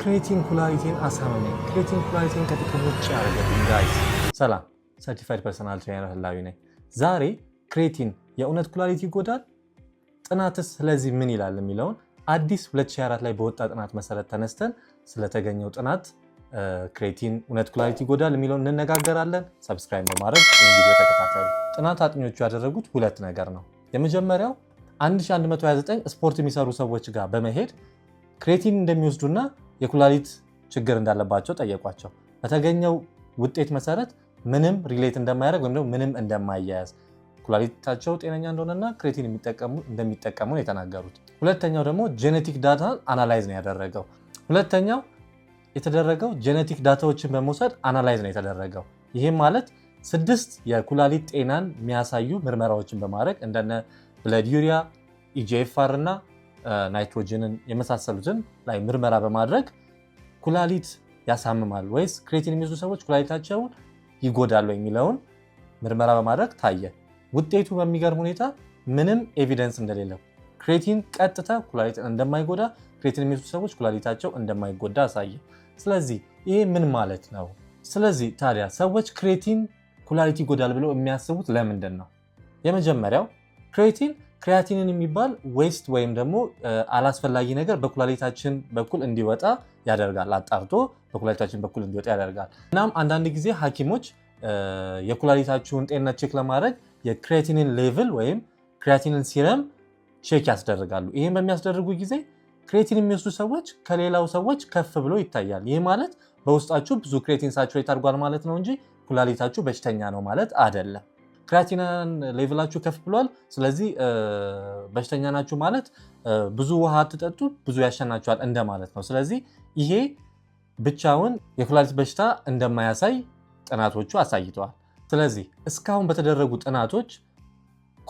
ክሬቲን ኩላሊቴን አሳመመኝ። ክሬቲን ኩላሊቴን ከጥቅም ውጭ ያደረገብኝ። ጋይስ ሰላም፣ ሰርቲፋይድ ፐርሰናል ትሬነር ህላዊ ነኝ። ዛሬ ክሬቲን የእውነት ኩላሊት ይጎዳል? ጥናትስ ስለዚህ ምን ይላል የሚለውን አዲስ 2024 ላይ በወጣ ጥናት መሰረት ተነስተን ስለተገኘው ጥናት ክሬቲን እውነት ኩላሊት ይጎዳል የሚለውን እንነጋገራለን። ሰብስክራይብ በማድረግ ቪዲዮ ተከታተሉ። ጥናት አጥኞቹ ያደረጉት ሁለት ነገር ነው። የመጀመሪያው 1129 ስፖርት የሚሰሩ ሰዎች ጋር በመሄድ ክሬቲን እንደሚወስዱና የኩላሊት ችግር እንዳለባቸው ጠየቋቸው። በተገኘው ውጤት መሰረት ምንም ሪሌት እንደማያደርግ ወይም ደግሞ ምንም እንደማያያዝ ኩላሊታቸው ጤነኛ እንደሆነና ክሬቲን እንደሚጠቀሙ የተናገሩት። ሁለተኛው ደግሞ ጄኔቲክ ዳታ አናላይዝ ነው ያደረገው። ሁለተኛው የተደረገው ጄኔቲክ ዳታዎችን በመውሰድ አናላይዝ ነው የተደረገው። ይህም ማለት ስድስት የኩላሊት ጤናን የሚያሳዩ ምርመራዎችን በማድረግ እንደነ ብለድ ዩሪያ፣ ኢጂኤፍአር እና ናይትሮጅንን የመሳሰሉትን ላይ ምርመራ በማድረግ ኩላሊት ያሳምማል ወይስ ክሬቲን የሚወስዱ ሰዎች ኩላሊታቸውን ይጎዳሉ የሚለውን ምርመራ በማድረግ ታየ። ውጤቱ በሚገርም ሁኔታ ምንም ኤቪደንስ እንደሌለው ክሬቲን ቀጥታ ኩላሊትን እንደማይጎዳ ክሬቲን የሚወስዱ ሰዎች ኩላሊታቸው እንደማይጎዳ አሳየ። ስለዚህ ይሄ ምን ማለት ነው? ስለዚህ ታዲያ ሰዎች ክሬቲን ኩላሊት ይጎዳል ብለው የሚያስቡት ለምንድን ነው? የመጀመሪያው ክሬቲን ክሪያቲንን የሚባል ዌስት ወይም ደግሞ አላስፈላጊ ነገር በኩላሊታችን በኩል እንዲወጣ ያደርጋል። አጣርቶ በኩላሊታችን በኩል እንዲወጣ ያደርጋል። እናም አንዳንድ ጊዜ ሐኪሞች የኩላሊታችሁን ጤንነት ቼክ ለማድረግ የክሪያቲንን ሌቭል ወይም ክሪያቲንን ሲረም ቼክ ያስደርጋሉ። ይህም በሚያስደርጉ ጊዜ ክሬቲን የሚወስዱ ሰዎች ከሌላው ሰዎች ከፍ ብሎ ይታያል። ይህ ማለት በውስጣችሁ ብዙ ክሬቲን ሳቹሬት አድርጓል ማለት ነው እንጂ ኩላሊታችሁ በሽተኛ ነው ማለት አይደለም። ክሪያቲናን ሌቭላችሁ ከፍ ብሏል። ስለዚህ በሽተኛ ናችሁ ማለት ብዙ ውሃ አትጠጡ፣ ብዙ ያሸናችኋል እንደማለት ነው። ስለዚህ ይሄ ብቻውን የኩላሊት በሽታ እንደማያሳይ ጥናቶቹ አሳይተዋል። ስለዚህ እስካሁን በተደረጉ ጥናቶች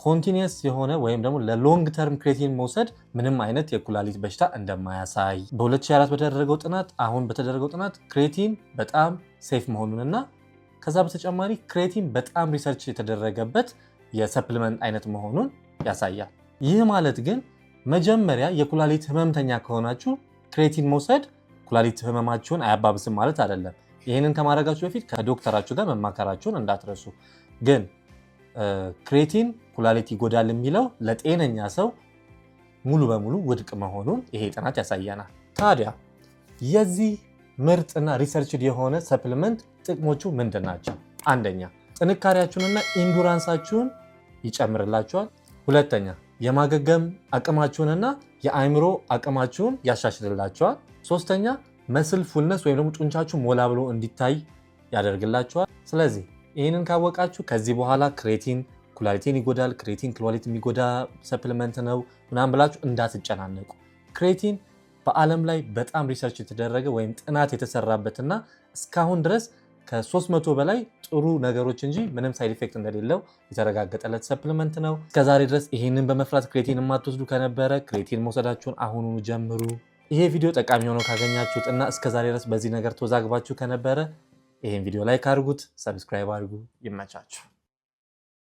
ኮንቲኒየስ የሆነ ወይም ደግሞ ለሎንግ ተርም ክሬቲን መውሰድ ምንም አይነት የኩላሊት በሽታ እንደማያሳይ በ2004 በተደረገው ጥናት አሁን በተደረገው ጥናት ክሬቲን በጣም ሴፍ መሆኑንና ከዛ በተጨማሪ ክሬቲን በጣም ሪሰርች የተደረገበት የሰፕልመንት አይነት መሆኑን ያሳያል። ይህ ማለት ግን መጀመሪያ የኩላሊት ህመምተኛ ከሆናችሁ ክሬቲን መውሰድ ኩላሊት ህመማችሁን አያባብስም ማለት አይደለም። ይህንን ከማድረጋችሁ በፊት ከዶክተራችሁ ጋር መማከራችሁን እንዳትረሱ። ግን ክሬቲን ኩላሊት ይጎዳል የሚለው ለጤነኛ ሰው ሙሉ በሙሉ ውድቅ መሆኑን ይሄ ጥናት ያሳየናል። ታዲያ የዚህ ምርጥና ሪሰርችድ የሆነ ሰፕልመንት ጥቅሞቹ ምንድን ናቸው? አንደኛ ጥንካሬያችሁንና ኢንዱራንሳችሁን ይጨምርላችኋል። ሁለተኛ የማገገም አቅማችሁንና የአእምሮ አቅማችሁን ያሻሽልላችኋል። ሶስተኛ መስል ፉልነስ ወይም ደግሞ ጡንቻችሁ ሞላ ብሎ እንዲታይ ያደርግላችኋል። ስለዚህ ይህንን ካወቃችሁ ከዚህ በኋላ ክሬቲን ኩላሊቲን ይጎዳል፣ ክሬቲን ኩላሊት የሚጎዳ ሰፕሊመንት ነው ምናምን ብላችሁ እንዳትጨናነቁ። ክሬቲን በዓለም ላይ በጣም ሪሰርች የተደረገ ወይም ጥናት የተሰራበትና እስካሁን ድረስ ከ300 በላይ ጥሩ ነገሮች እንጂ ምንም ሳይድ ኢፌክት እንደሌለው የተረጋገጠለት ሰፕልመንት ነው። እስከዛሬ ድረስ ይህንን በመፍራት ክሬቲን የማትወስዱ ከነበረ ክሬቲን መውሰዳችሁን አሁኑኑ ጀምሩ። ይሄ ቪዲዮ ጠቃሚ ሆኖ ካገኛችሁት እና እስከዛሬ ድረስ በዚህ ነገር ተወዛግባችሁ ከነበረ ይህን ቪዲዮ ላይክ አድርጉት፣ ሰብስክራይብ አድርጉ። ይመቻችሁ።